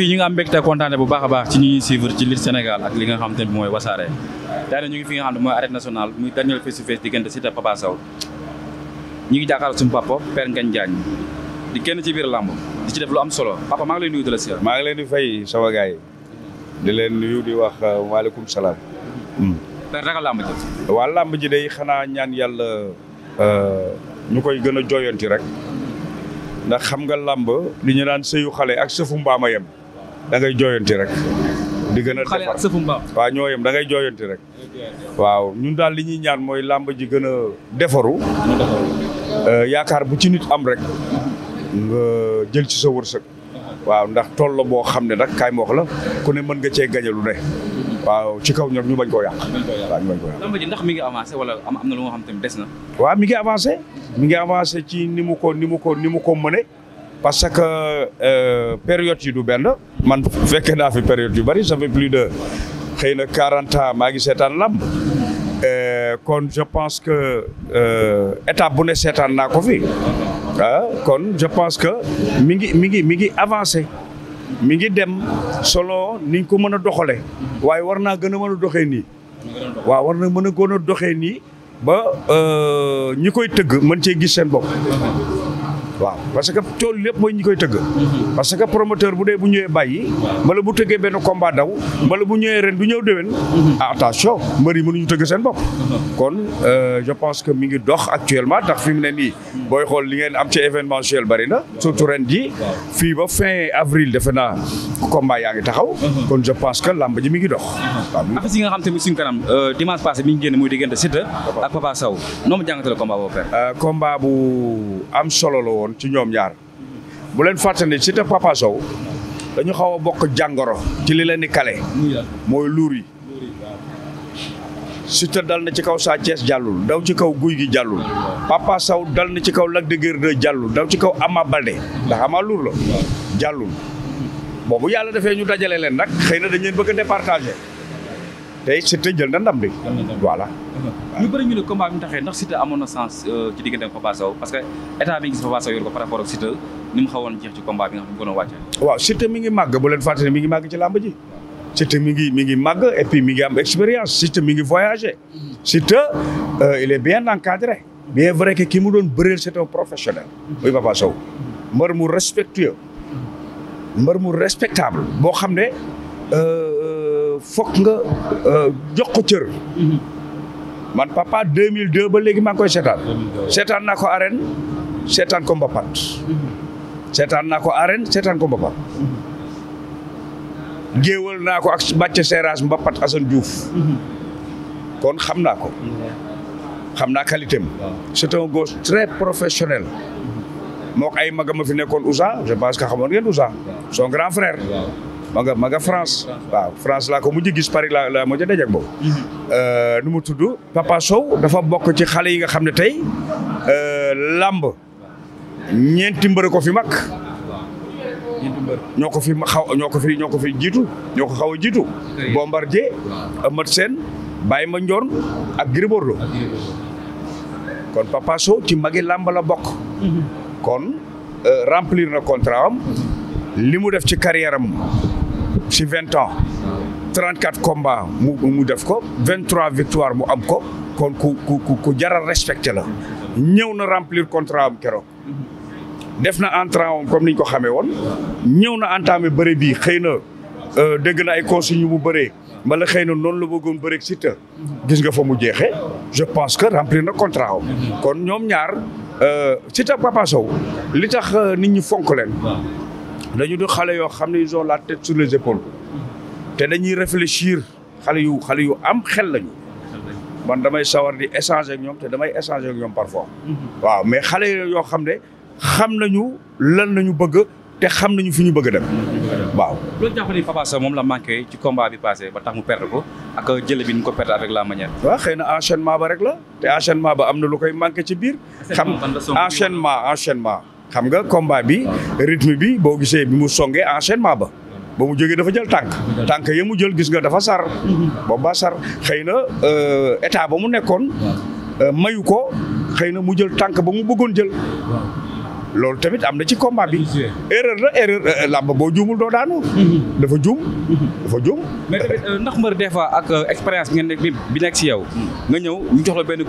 mbokk yi ñu ngi am mbégte kontaane bu baax a baax ci ñi ñuy suivre ci Lutte Sénégal ak li nga xam te ne mooy wasaare daane ñu ngi fi nga xam ne mooy arène nationale muy Daniel face to face diggante Siteu ñu ngi jàkkaarloo suñu papa Père Ngagne di kenn ci biir làmb di lu am solo papa maa ngi lay nuyu di la siyaar maa ngi leen di fay di leen nuyu di wax euh, waaleykum salaam hmm. Père làmb ji waa xanaa ñaan yàlla euh, ñu koy gën a jooyanti rek ndax xam nga làmb li ñu daan sëyu xale ak sëfu mbaama yem da ngay jooyanti rek. di gën a defar waaw ñoo yem da dangay jooyanti rek. waaw ñun daal li ñuy ñaan mooy làmb ji gën a defaru. Euh, yaakaar bu ci nit am rek. nga jël ci sa wërsëg. waaw ndax tool la boo xam ne nag kaay ma la ku ne mën nga cee gañe lu ne. waaw ci kaw ñor ñu bañ koo yàq. waaw ji ndax mi ngi avancé wala am na lu nga xam tamit des na. waaw mi ngi avancé. mi ngi avancé ci ni mu ko ni mu ko ni mu ko mëne parce que euh, période yi du benn. man fekke naa fi période yu bëri ça fait plus de xëy na quarante ans maa ngi seetaan lamb euh, kon je pense que euh, état bu ne seetaan naa ko fi ah kon je pense que mi ngi mi ngi mi ngi avancé mi ngi dem solo niñ ko mën a doxale waaye war naa gën a mën a doxee nii waaw war na mën a gën a doxee nii ba euh, ñi koy tëgg mën cee gis seen bopp waaw parce que tool lépp mooy ñu koy tëgg parce que promoteur bu dee bu ñëwee bàyyi mbala bu tëggee benn combat daw mbala bu ñëwee ren du ñëw déwén ah, attention mbër yi mënuñu tëgg seen bopp kon euh, je pense que mi ngi dox actuellement tax fi mu ne nii booy xool li ngeen am ci événementiel bari na surtout ren ji fii ba fin avril defe naa combat yaa ngi taxaw kon je pense que làmb ji mi ngi dox waaw affiche yi nga xam tamit suñu kanam euh, dimanche passé mi ngi génn muy diggante Siteu ak Papa Sow noo ma jàngatale euh, combat bu am solo la woon ci ñoom ñaar bu leen fàtte ni Siteu Papa dañu xaw a bokk jàngoro ci li leen di kale mooy luur yi Siteu dal na ci kaw Sa Thiès jàllul daw ci kaw guy gi jàllul Papa Sow dal na ci kaw lag de Guiers 2 jàllul daw ci kaw Ama Baldé ndax luur la jàllul boobu yàlla defee ñu dajale leen nag xëy na dañ bëgg a départager tey eh, Siteu jël na ndam bi. voilà. ñu bëri ñu ne combat bi mu ndax Siteu amoon na sens euh, ci diggante Papa Sow parce que état bi gis Papa par rapport ak Siteu ni mi ngi màgg bu leen fàttali mi ngi màgg ci làmb ji. Siteu mi ngi mi ngi màgg et puis mi ngi am expérience Siteu mi ngi voyagé. Siteu euh, il est bien encadré. bien vrai que ki mu doon bëreel c'est un professionnel. muy Papa Sow. mbër mu respectueux. mbër mu respectable boo xam ne. Euh, fok nga euh, jox ko cër. man papa 2002 ba léegi maa ngi koy seetaan. seetaan naa ko arène seetaan ko mbapat. seetaan naa ko arène seetaan ko mbapat. géewal naa ko ak bàcce seeraas mbapat Assane Diouf. kon xam naa ko. xam naa qualité am. c'est un gosse très professionnel. moo ay magama fi nekkoon Ousa je pense que xamoon ngeen Ousa son grand frère. ma nga ma nga France waaw France laa ko mujj gis Paris laa laa mujj daje ak boobu. Mhm. Euh, nu mu tudd Papa Sow dafa bokk ci xale yi nga xam ne tey euh, làmb ñeenti mbër ko fi mag. ñoo ko fi xaw ñoo ko fi ñoo ko fi jiitu ñoo ko xaw a jiitu. Bombardier Eumeu Sène Baye Mandione ak Gris Bordeaux kon Papa Sow ci magi làmb la bokk. Mhm. kon euh, remplir na contrat am. Mhm. li mu def ci carrière ci vingt ans trente quatre combats mu mu def ko vingt trois victoire mu am ko kon ku ku ku jaral respecté la. ñëw na remplir contrat am keroog. def na entrant comme niñ ko xamee woon ñëw na entamé bëre bi xëy na euh, dégg na ay consignes yu mu bëree bala xëy na noonu la bëggoon bëreeg si te gis nga fa mu jeexee je pense que remplir na contrat am. kon ñoom ñaar euh, si te Papa li tax euh, nit ñi fonk leen. dañu di xale yoo xam ne ils ont la tête sur les épaules te dañuy réfléchir xale yu xale yu am xel lañu man damay sawar di échanger ak ñoom te damay échanger ak ñoom parfois. waaw mais xale yoo xam ne xam nañu lan nañu bëgg te xam nañu fu ñu bëgg a waaw loolu jàpp ni moom la manqué ci combat bi passé ba tax mu perdre ko ak jële bi ni ko perdre avec la manière. waaw xëy na enchaînement ba rek la te enchaînement ba am na lu koy manqué ci biir. xam enchaînement enchaînement. xam nga combat bi rythme bi boo gisee bi mu songee enchaînement ba ba mu jógee dafa jël tànk tànk ya mu jël gis nga dafa sar booba sar xëy na euh, état ba mu nekkoon euh, mayu ko xëy na mu jël tànk ba mu bëggoon jël loolu tamit am na ci combat bi. erreur la erreur euh, làmb boo juumul doo daanu. dafa juum. dafa juum. mais euh, ndax mbër des fois ak euh, expérience bi ngeen bi nekk ci yow. nga ñëw ñu jox la benn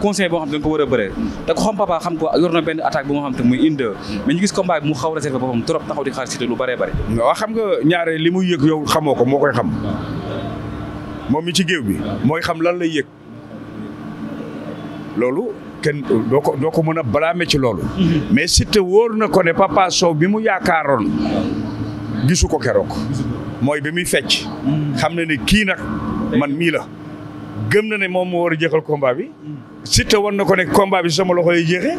conseil boo xam ne da nga ko war a bëree. te ko xam papa xam ko yor na benn attaque bu nga xam te muy inde. mais ñu gis combat bi mu xaw réservé boppam trop ta di xaar si lu bëree bëri. waaw xam nga ñaare li mu yëg yow xamoo ko moo koy xam. moom mi ci géew bi. mooy xam lan lay yëg. loolu kenn doo ko doo ko mën a blâmer ci loolu. Mm-hmm. mais Siteu wóor na ko ne Papa bi mu yaakaaroon gisu ko keroog. mooy bi muy fecc. Mm-hmm. xam na ne kii nag man mii la. gëm na ne moom moo war a jeexal combat bi. Mm-hmm. Siteu war na ko ne combat bi sama loxo lay jeexee.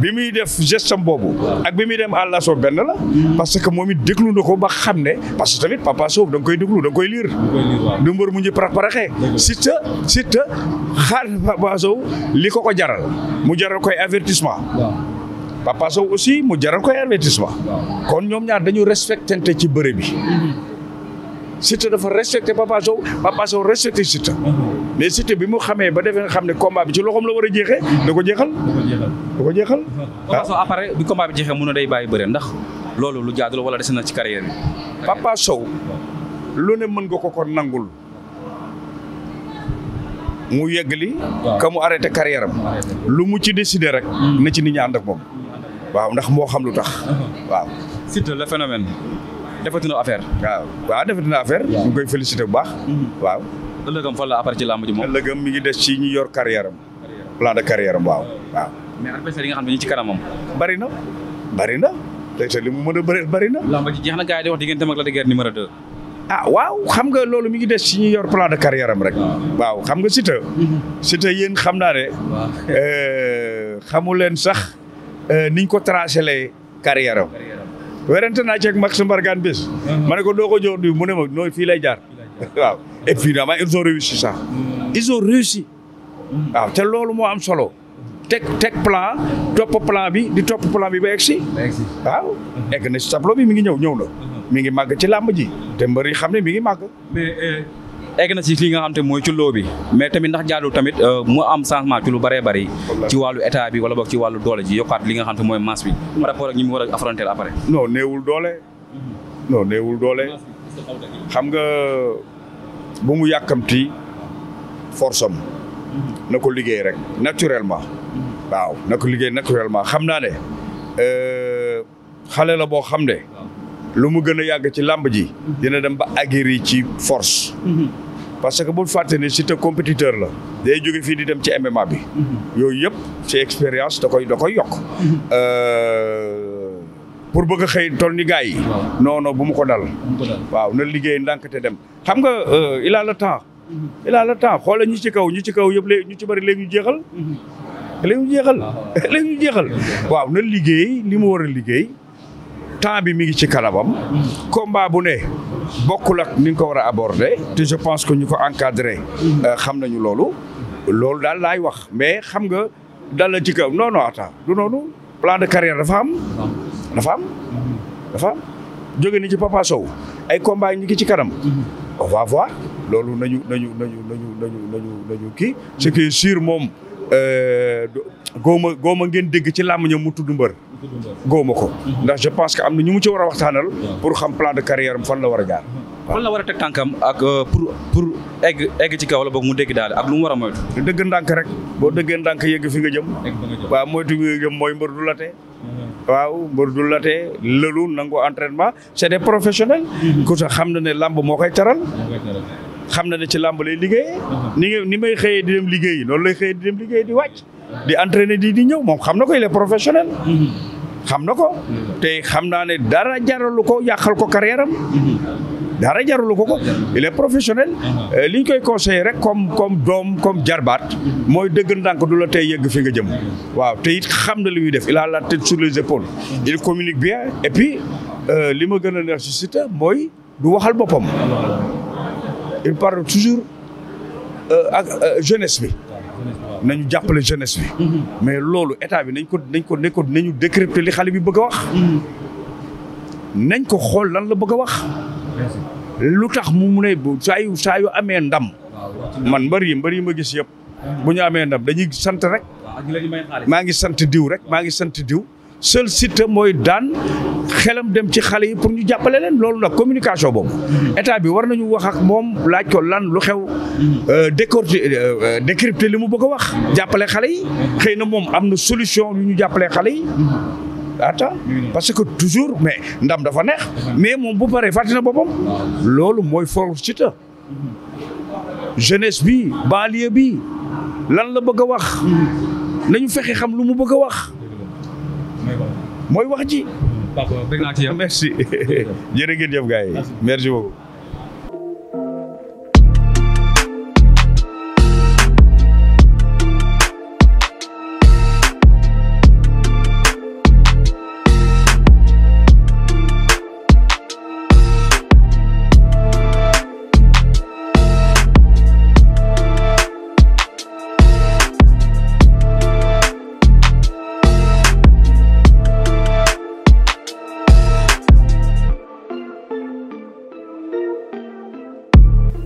bi muy def gestion boobu ak bi muy dem à la benn la parce que moom it déglu na ko ba xam ne parce que tamit papa Sow da nga koy déglu da koy liir du mbër mu ñu parax-paraxee surte surte xaal papa Sow li ko ko jaral mu jaral koy avertissement papa aussi mu jaral koy avertissement kon ñoom ñaar dañu respectante ci bëre bi mhm. Siteu dafa respecté Papa Sow Papa Sow respecté Siteu mhm. mais Siteu bi mu xamee ba defee nga xam ne combat bi ci loxoom la war a jeexee da ko jeexal da ko jeexal Papa ah. Sow après bi combat bi jeexee mun na day bàyyi bëre ndax loolu lu jaadu la wala des na ci carrière bi Papa Sow lu ne mën nga ko ko nangul mu yeggali ka mu arrêté carrière lu mu ci décidé rek mm. na ci ni ñi ànd ak moom mm. waaw ndax moo xam lu tax mm-hmm. waaw Siteu le phénomène defati na affaire. waaw waaw defati na affaire. ñu koy félicité bu baax. Mhm. waaw. ëllëgam fan la appar ci làmb ji moom. ëllëgam mi ngi des ci ñu yor carrière am. plan de carrière waaw waaw. mais nga xam ne ñu ci kanamam. bari na bari na te li mu mën a bari na. làmb ji jeex na gars yi di wax diggante ak la de guerre numéro ah, waaw xam nga loolu mi ngi des ci ñu yor plan de carrière am rek. waaw xam nga Siteu. Mhm. Siteu yéen xam naa ne. Euh, xamu leen sax euh, niñ ko tracé carrière am. werante naa ceeg Max Mbargane bés. Uh-huh. ma ne ko doo ko mu ne ma nooy fii lay jaar. waaw et puis finalement réussi sax ils ont réussi. Hmm. Hmm. waaw te loolu moo am solo. teg teg plan topp plan bi di topp plan bi ba egg si. waaw egg na si tableau bi mi ngi ñëw ñëw na. Uh-huh. mi ngi màgg ci làmb ji. te mbër yi xam ne mi ngi màgg. Euh, egg na ci li nga xam te mooy ci loo bi mais tamit ndax jaadu tamit euh, mu am changement ci lu bari bëri ci wàllu état bi wala boog ci wàllu doole ji yokkaat li nga xam te mooy masse bi par rapport ak ñi mu war a affronter après doole mm-hmm. xam nga bu mu yàkkamti force am mm-hmm. na ko liggéey rek naturelement mm-hmm. waaw na ko liggéey naturellement xam naa ne euh, xale la boo xam ne lu mu gën a yàgg ci làmb ji dina dem ba aguerri ci force parce que bul fàtte ne Siteu compétiteur la. day jóge fii di dem ci MMA bi. Mhm. yooyu yëpp ci expérience da koy da koy yokk. Mhm. Euh, pour bëgg a xëy toll ni gars yi. non bu mu ko dal. waaw na liggéey ndànk te dem. xam nga euh, il a temps. Mhm. il a le temps xoolal ci kaw ñi ci kaw yëpp léegi ñu ci bari léegi ñu jeexal. Ah, léegi ñu jeexal waaw na liggéey li mu war a liggéey. temps bi mi ngi ci kanamam. combat bu ne. bokkul ak ni ñu ko war a aborder te je pense que ñu ko encadré euh, xam nañu loolu loolu daal laay wax mais xam nga dal la ci kaw non non attends du noonu plan de carrière dafa am dafa am dafa jóge ni ci Papa Sow ay combat yi ñu ngi ci kanam on va loolu nañu nañu na nañu nañu nañu nañu kii ce qui est sûr moom euh, góoma góoma ngeen dégg ci làmmiñam mu tudd mbër góoma ko ndax je pense que am na ñu mu ci war a waxtaanal pour xam plan carrière fan la war a jaar fan la war a teg tànkam ak euh, pour egg egg ci kaw la boog mu dégg daal ak lu mu war a moytu dëgg ndànk rek boo dëggee ndànk yëgg fi nga jëm waaw moytu fi nga jëm mooy mbër du la tee uh-huh. waaw mbër du la tee lëlu nangu entraînement c'est des professionnels mm-hmm. ku sax xam na ne làmb moo koy taral xam na ne ci làmb lay liggéeyee uh-huh. ni ni may xëyee di dem liggéeyi loolu lay xëyee di dem liggéey di wàcc di entraîner xam na ko te xam naa ne dara jaralu ko yàqal ko carrière am dara jarulu ko ko il est professionnel euh, li ñu koy conseillé rek comme comme doom comme jarbaat mooy dëgg ndànk du la tey yëgg fi nga jëm waaw te it xam na li def il la tête sur les épaules il communique bien et puis euh, li ma gën a neex ci Siteu mooy du waxal boppam il parle toujours euh, ak jeunesse bi nañu jàppale jeunesse bi. Mhm. mais loolu état bi nañ ko nañ ko nañ ko nañu li xale bi bëgg a wax. Mhm. nañ ko xool lan la bëgg a wax. lu tax mu mu ne bu saa saa yu amee ndam. man mbër yi mbër yi ma gis yëpp. Mhm. bu ñu amee ndam dañuy sant rek. maa ngi sant diw rek maa ngi sant diw. seul site mooy daan xelam dem ci xale yi pour ñu jàppale leen loolu nag communication boobu. état bi war nañu wax ak moom laaj ko lan lu xew. Euh, décorti euh, euh, décrypter li mu bëgg a wax. jàppale xale yi. xëy na moom am na solution yu ñu jàppale xale yi. ata parce que toujours mais ndam dafa neex. mais moom bu paree fàttali na boppam. loolu mooy force ci jeunesse bi banlieue bi lan la bëgg a wax. ñu fexe xam lu mu bëgg a wax. mooy wax ji. d'accord bëgg naa ci yow merci jërë ngeen jëf gars yi merci beaucoup